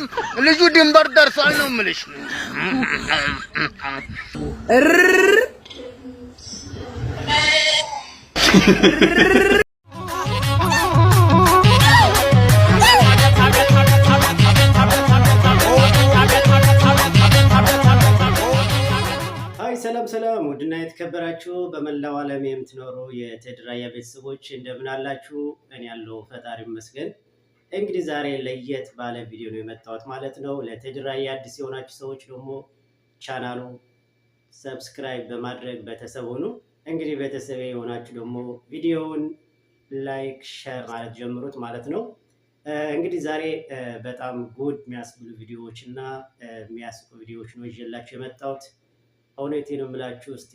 አይደርስም። ልጁ ድንበር ደርሷል ነው የምልሽ። ሰላም ሰላም፣ ውድና የተከበራችሁ በመላው ዓለም የምትኖሩ የቴድራያ ቤተሰቦች እንደምን አላችሁ? እኔ ያለው ፈጣሪ ይመስገን። እንግዲህ ዛሬ ለየት ባለ ቪዲዮ ነው የመጣሁት ማለት ነው። ለተድራይ አዲስ የሆናችሁ ሰዎች ደግሞ ቻናሉ ሰብስክራይብ በማድረግ ቤተሰብ ሆኑ። እንግዲህ ቤተሰብ የሆናችሁ ደግሞ ቪዲዮውን ላይክ፣ ሸር ማለት ጀምሩት ማለት ነው። እንግዲህ ዛሬ በጣም ጉድ የሚያስብሉ ቪዲዮዎች እና የሚያስቁ ቪዲዮዎች ነው ይዤላችሁ የመጣሁት። እውነቴን ነው የምላችሁ። እስኪ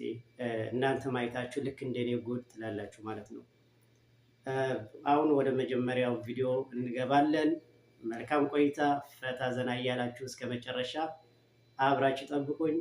እናንተ ማየታችሁ ልክ እንደኔ ጉድ ትላላችሁ ማለት ነው። አሁን ወደ መጀመሪያው ቪዲዮ እንገባለን። መልካም ቆይታ፣ ፈታ ዘና እያላችሁ እስከ መጨረሻ አብራችሁ ጠብቁኝ።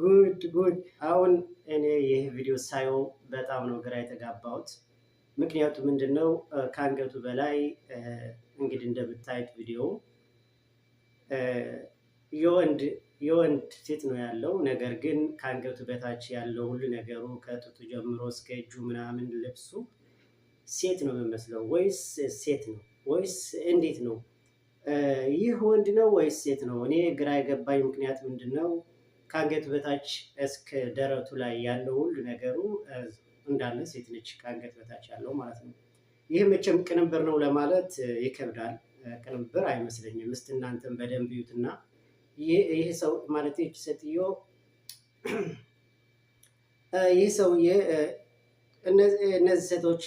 ጉድ ጉድ! አሁን እኔ ይህ ቪዲዮ ሳየው በጣም ነው ግራ የተጋባሁት። ምክንያቱ ምንድን ነው? ከአንገቱ በላይ እንግዲህ እንደምታዩት ቪዲዮ የወንድ የወንድ ፊት ነው ያለው። ነገር ግን ከአንገቱ በታች ያለው ሁሉ ነገሩ ከጡቱ ጀምሮ እስከ እጁ ምናምን ልብሱ ሴት ነው የሚመስለው። ወይስ ሴት ነው ወይስ እንዴት ነው? ይህ ወንድ ነው ወይስ ሴት ነው? እኔ ግራ የገባኝ ምክንያት ምንድን ነው? ከአንገት በታች እስከ ደረቱ ላይ ያለው ሁሉ ነገሩ እንዳለ ሴት ነች፣ ከአንገት በታች ያለው ማለት ነው። ይህ መቼም ቅንብር ነው ለማለት ይከብዳል። ቅንብር አይመስለኝም። እስቲ እናንተን በደንብ እዩትና ይህ ሰው ማለት ይች ሴትዮ ይህ ሰውዬ እነዚህ ሴቶች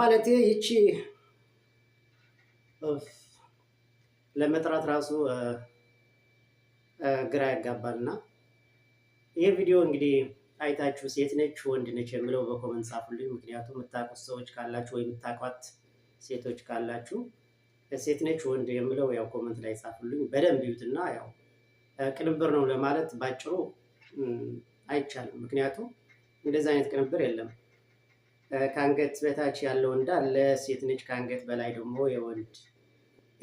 ማለት ይቺ ለመጥራት ራሱ ግራ ያጋባልና ይህ ቪዲዮ እንግዲህ አይታችሁ ሴት ነች ወንድ ነች የምለው በኮመንት ጻፉልኝ። ምክንያቱም የምታውቁት ሰዎች ካላችሁ ወይ የምታውቋት ሴቶች ካላችሁ ሴት ነች ወንድ የምለው ያው ኮመንት ላይ ጻፉልኝ። በደንብ ይዩትና ያው ቅንብር ነው ለማለት ባጭሩ አይቻልም። ምክንያቱም እንደዚህ አይነት ቅንብር የለም። ከአንገት በታች ያለው እንዳለ ሴት ነች፣ ከአንገት በላይ ደግሞ የወንድ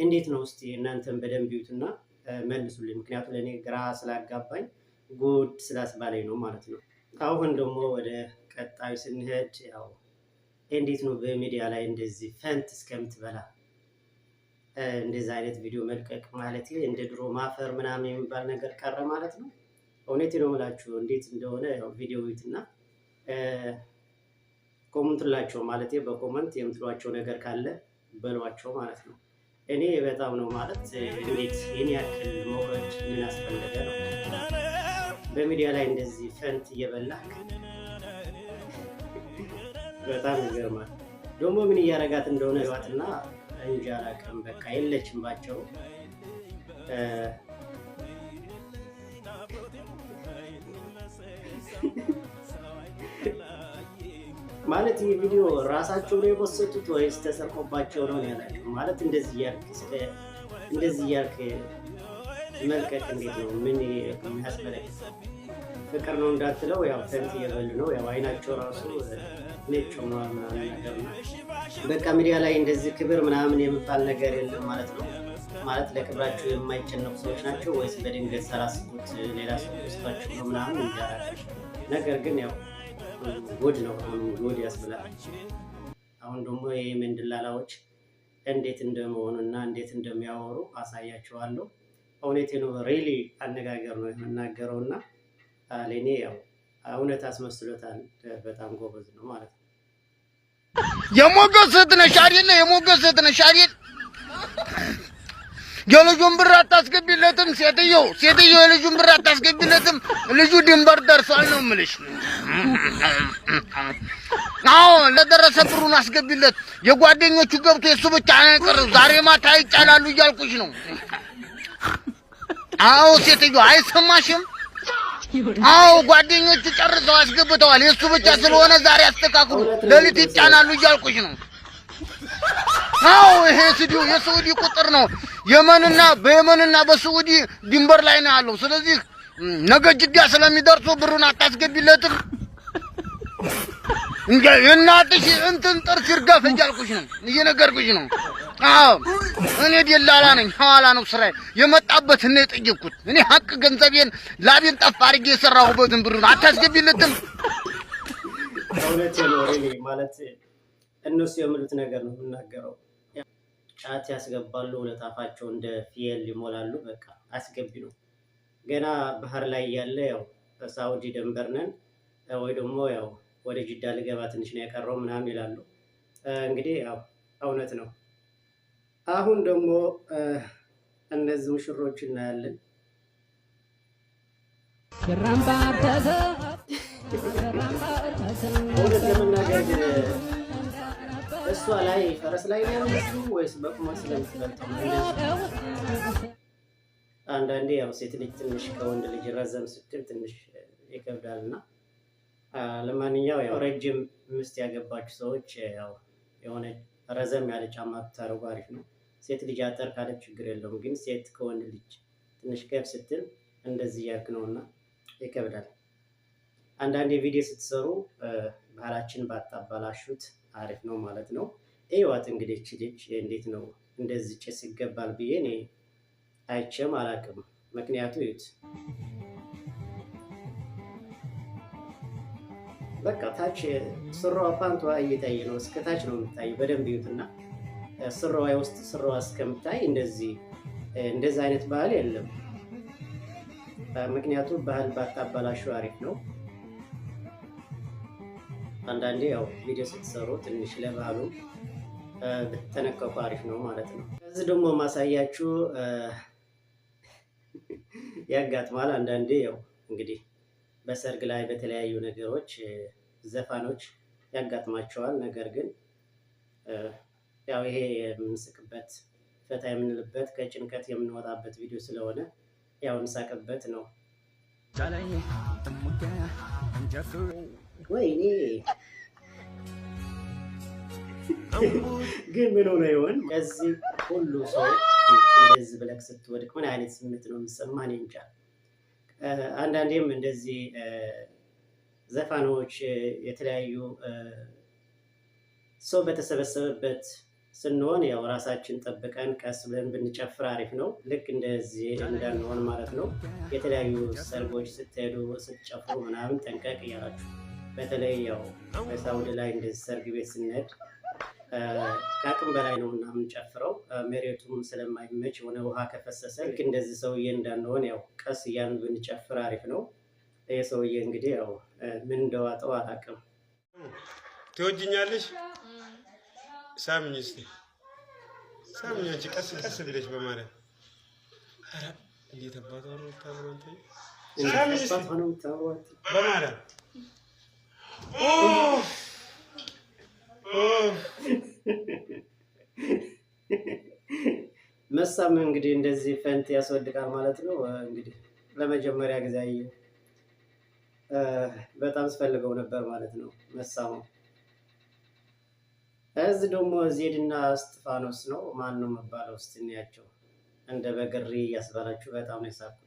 እንዴት ነው? እስቲ እናንተን በደንብ ይዩትና መልሱልኝ። ምክንያቱም ለእኔ ግራ ስላጋባኝ ጉድ ስላስባለኝ ነው ማለት ነው። አሁን ደግሞ ወደ ቀጣዩ ስንሄድ ያው እንዴት ነው በሚዲያ ላይ እንደዚህ ፈንት እስከምትበላ እንደዚህ አይነት ቪዲዮ መልቀቅ ማለት እንደ ድሮ ማፈር ምናምን የሚባል ነገር ቀረ ማለት ነው። እውነት ነው የምላችሁ እንዴት እንደሆነ ያው ቪዲዮዊት ኮመንትላቸው ማለት በኮመንት የምትሏቸው ነገር ካለ በሏቸው ማለት ነው። እኔ በጣም ነው ማለት እንዴት ይህን ያክል መውረድ ምን አስፈለገ ነው? በሚዲያ ላይ እንደዚህ ፈንት እየበላክ በጣም ይገርማል። ደግሞ ምን እያረጋት እንደሆነ ህዋትና እንጃራ አላውቅም። በቃ የለችም ባቸው ማለት ይህ ቪዲዮ ራሳቸው ነው የፖስቱት ወይስ ተሰርቆባቸው ነው ያላቸው? ማለት እንደዚህ እያልክ እንደዚህ እያልክ መልቀቅ እንዴት ነው? ምን የሚያስመለክ ፍቅር ነው እንዳትለው፣ ያው ተንት እየበሉ ነው። ያው አይናቸው ራሱ ነጭ ሆኗል ምናምን ነገር ነው። በቃ ሚዲያ ላይ እንደዚህ ክብር ምናምን የምባል ነገር የለም ማለት ነው። ማለት ለክብራቸው የማይጨነቁ ሰዎች ናቸው ወይስ በድንገት ሰራስኩት ሌላ ሰው ስታቸው ነው ምናምን ነገር ግን ያው ጉድ ነው፣ ጉድ ያስብላል። አሁን ደግሞ የየመን ደላላዎች እንዴት እንደመሆኑ እና እንዴት እንደሚያወሩ አሳያችኋለሁ። እውነቴ ነው፣ ሬሊ አነጋገር ነው የምናገረው እና ለእኔ ያው እውነት አስመስሎታል። በጣም ጎበዝ ነው ማለት ነው። የሞገስ እህት ነሽ አይደል? የሞገስ እህት ነሽ አይደል? የልጁን ብር አታስገቢለትም። ሴትዮ ሴትዮ የልጁን ብር አታስገቢለትም። ልጁ ድንበር ደርሷል ነው የምልሽ። አዎ ለደረሰ ብሩን አስገቢለት። የጓደኞቹ ገብቶ የሱ ብቻ አይቀር። ዛሬ ማታ ይጫላሉ እያልኩሽ ነው። አዎ ሴትዮ አይሰማሽም? አዎ ጓደኞቹ ጨርሰው አስገብተዋል። የሱ ብቻ ስለሆነ ዛሬ አስተካክሉ፣ ሌሊት ይጫናሉ እያልኩሽ ነው። አዎ ይሄ ስዲው የስዑዲ ቁጥር ነው። የመንና በየመንና በስዑዲ ድንበር ላይ ነው ያለው። ስለዚህ ነገ ጅዳ ስለሚደርሱ ብሩን አታስገቢለትም። እንደ የእናትሽ እንትን ጥርስ ይርጋፍ እያልኩሽ ነው፣ እየነገርኩሽ ነው። አዎ እኔ ደላላ ነኝ፣ ሐዋላ ነው ስራዬ። የመጣበት እኔ የጠየቅኩት እኔ ሀቅ ገንዘቤን ላቤን ጠፍ አድርጌ የሰራሁበትን ብሩን አታስገቢለትም። እውነት ነው ማለት እነሱ የምሉት ነገር ነው የምናገረው ጫት ያስገባሉ። ሁለት አፋቸው እንደ ፍየል ይሞላሉ። በቃ አስገቢ ነው። ገና ባህር ላይ ያለ ያው በሳውዲ ደንበር ነን ወይ ደግሞ ያው ወደ ጅዳ ልገባ ትንሽ ነው የቀረው ምናምን ይላሉ። እንግዲህ ያው እውነት ነው። አሁን ደግሞ እነዚህ ሙሽሮች እናያለን። ሽራምባ እሷ ላይ ፈረስ ላይ ነው ወይስ በቁመት ስለምትበልጠው? አንዳንዴ ያው ሴት ልጅ ትንሽ ከወንድ ልጅ ረዘም ስትል ትንሽ ይከብዳል እና ለማንኛው ያው ረጅም ምስት ያገባችሁ ሰዎች ያው የሆነ ረዘም ያለ ጫማ ብታደርጉ አሪፍ ነው። ሴት ልጅ አጠር ካለ ችግር የለውም፣ ግን ሴት ከወንድ ልጅ ትንሽ ከፍ ስትል እንደዚህ ያልክ ነው እና ይከብዳል። አንዳንዴ ቪዲዮ ስትሰሩ ባህላችን ባታባላሹት አሪፍ ነው ማለት ነው። ይዋት እንግዲህ እች ልጅ እንዴት ነው እንደዚህ ጭስ ይገባል ብዬ እኔ አይቼም አላቅም። ምክንያቱ ይት በቃ ታች ስራዋ ፓንቷ እየታየ ነው፣ እስከ ታች ነው የምታይ። በደንብ ይዩትና ስራዋ ውስጥ ስራዋ እስከምታይ እንደዚህ እንደዚህ አይነት ባህል የለም። ምክንያቱ ባህል ባታባላሹ አሪፍ ነው። አንዳንዴ ያው ቪዲዮ ስትሰሩ ትንሽ ለባሉ ብትጠነቀቁ አሪፍ ነው ማለት ነው። ከዚህ ደግሞ ማሳያችሁ ያጋጥማል። አንዳንዴ ያው እንግዲህ በሰርግ ላይ በተለያዩ ነገሮች ዘፋኖች ያጋጥማቸዋል። ነገር ግን ያው ይሄ የምንስቅበት ፈታ የምንልበት ከጭንቀት የምንወጣበት ቪዲዮ ስለሆነ ያው እንሳቅበት ነው። ወይኔ ግን ምን ሆነ ይሆን? ከዚህ ሁሉ ሰው እንደዚህ ብለህ ስትወድቅ ምን አይነት ስሜት ነው የሚሰማህ? እንጃ። አንዳንዴም እንደዚህ ዘፋኖች የተለያዩ ሰው በተሰበሰበበት ስንሆን ያው ራሳችን ጠብቀን ቀስ ብለን ብንጨፍር አሪፍ ነው። ልክ እንደዚህ እንዳንሆን ማለት ነው። የተለያዩ ሰርጎች ስትሄዱ ስትጨፍሩ ምናምን ጠንቀቅ እያላችሁ በተለይ ያው በሳውዲ ላይ እንደዚህ ሰርግ ቤት ስንሄድ ከአቅም በላይ ነው እና የምንጨፍረው መሬቱም ስለማይመች የሆነ ውሃ ከፈሰሰ ልክ እንደዚህ ሰውዬ እንዳንሆን ያው ቀስ እያን ብንጨፍር አሪፍ ነው። ይህ ሰውዬ እንግዲህ ያው ምን እንደዋጠው አላውቅም። ትወጅኛለሽ? ሳምኝ እስኪ ሳምኝ፣ አንቺ ቀስ ቀስ ብለሽ በማለት እንዴት አባት ሆነ የምታወራው ሳምኝ እስኪ በማለት መሳም እንግዲህ እንደዚህ ፈንት ያስወድቃል ማለት ነው። እንግዲህ ለመጀመሪያ ጊዜ አየ በጣም ስፈልገው ነበር ማለት ነው መሳሙ። እዚህ ደግሞ ዜድና እስጢፋኖስ ነው ማን ነው መባለው? ስትንያቸው እንደ በግሪ እያስባላችሁ በጣም ነው የሳኩት።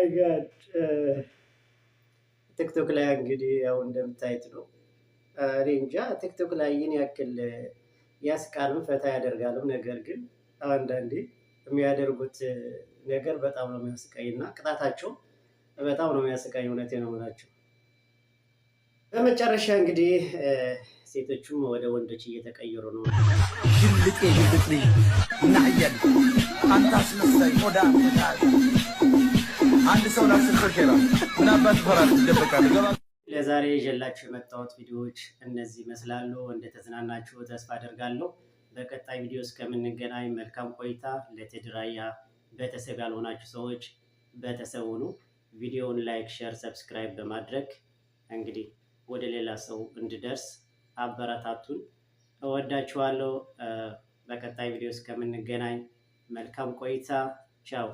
ማይ ጋድ ቲክቶክ ላይ እንግዲህ ያው እንደምታይት ነው። እኔ እንጃ ቲክቶክ ላይ ይህን ያክል ያስቃልም ፈታ ያደርጋልም። ነገር ግን አንዳንዴ የሚያደርጉት ነገር በጣም ነው የሚያስቀኝ እና ቅጣታቸው በጣም ነው የሚያስቀኝ። እውነት ነው ናቸው። በመጨረሻ እንግዲህ ሴቶቹም ወደ ወንዶች እየተቀየሩ ነው። ሽልጤ ሽልጥ እናያል አንታስመሳይ ቆዳ አንድ ሰው ለአስር ሰው ይደበቃል። ለዛሬ ይዤላችሁ የመጣሁት ቪዲዮዎች እነዚህ ይመስላሉ። እንደተዝናናችሁ ተስፋ አደርጋለሁ። በቀጣይ ቪዲዮ እስከምንገናኝ መልካም ቆይታ። ለቴድራያ ቤተሰብ ያልሆናችሁ ሰዎች ቤተሰብ ሁኑ። ቪዲዮውን ላይክ፣ ሼር፣ ሰብስክራይብ በማድረግ እንግዲህ ወደ ሌላ ሰው እንድደርስ አበረታቱን። እወዳችኋለሁ። በቀጣይ ቪዲዮ እስከምንገናኝ መልካም ቆይታ። ቻው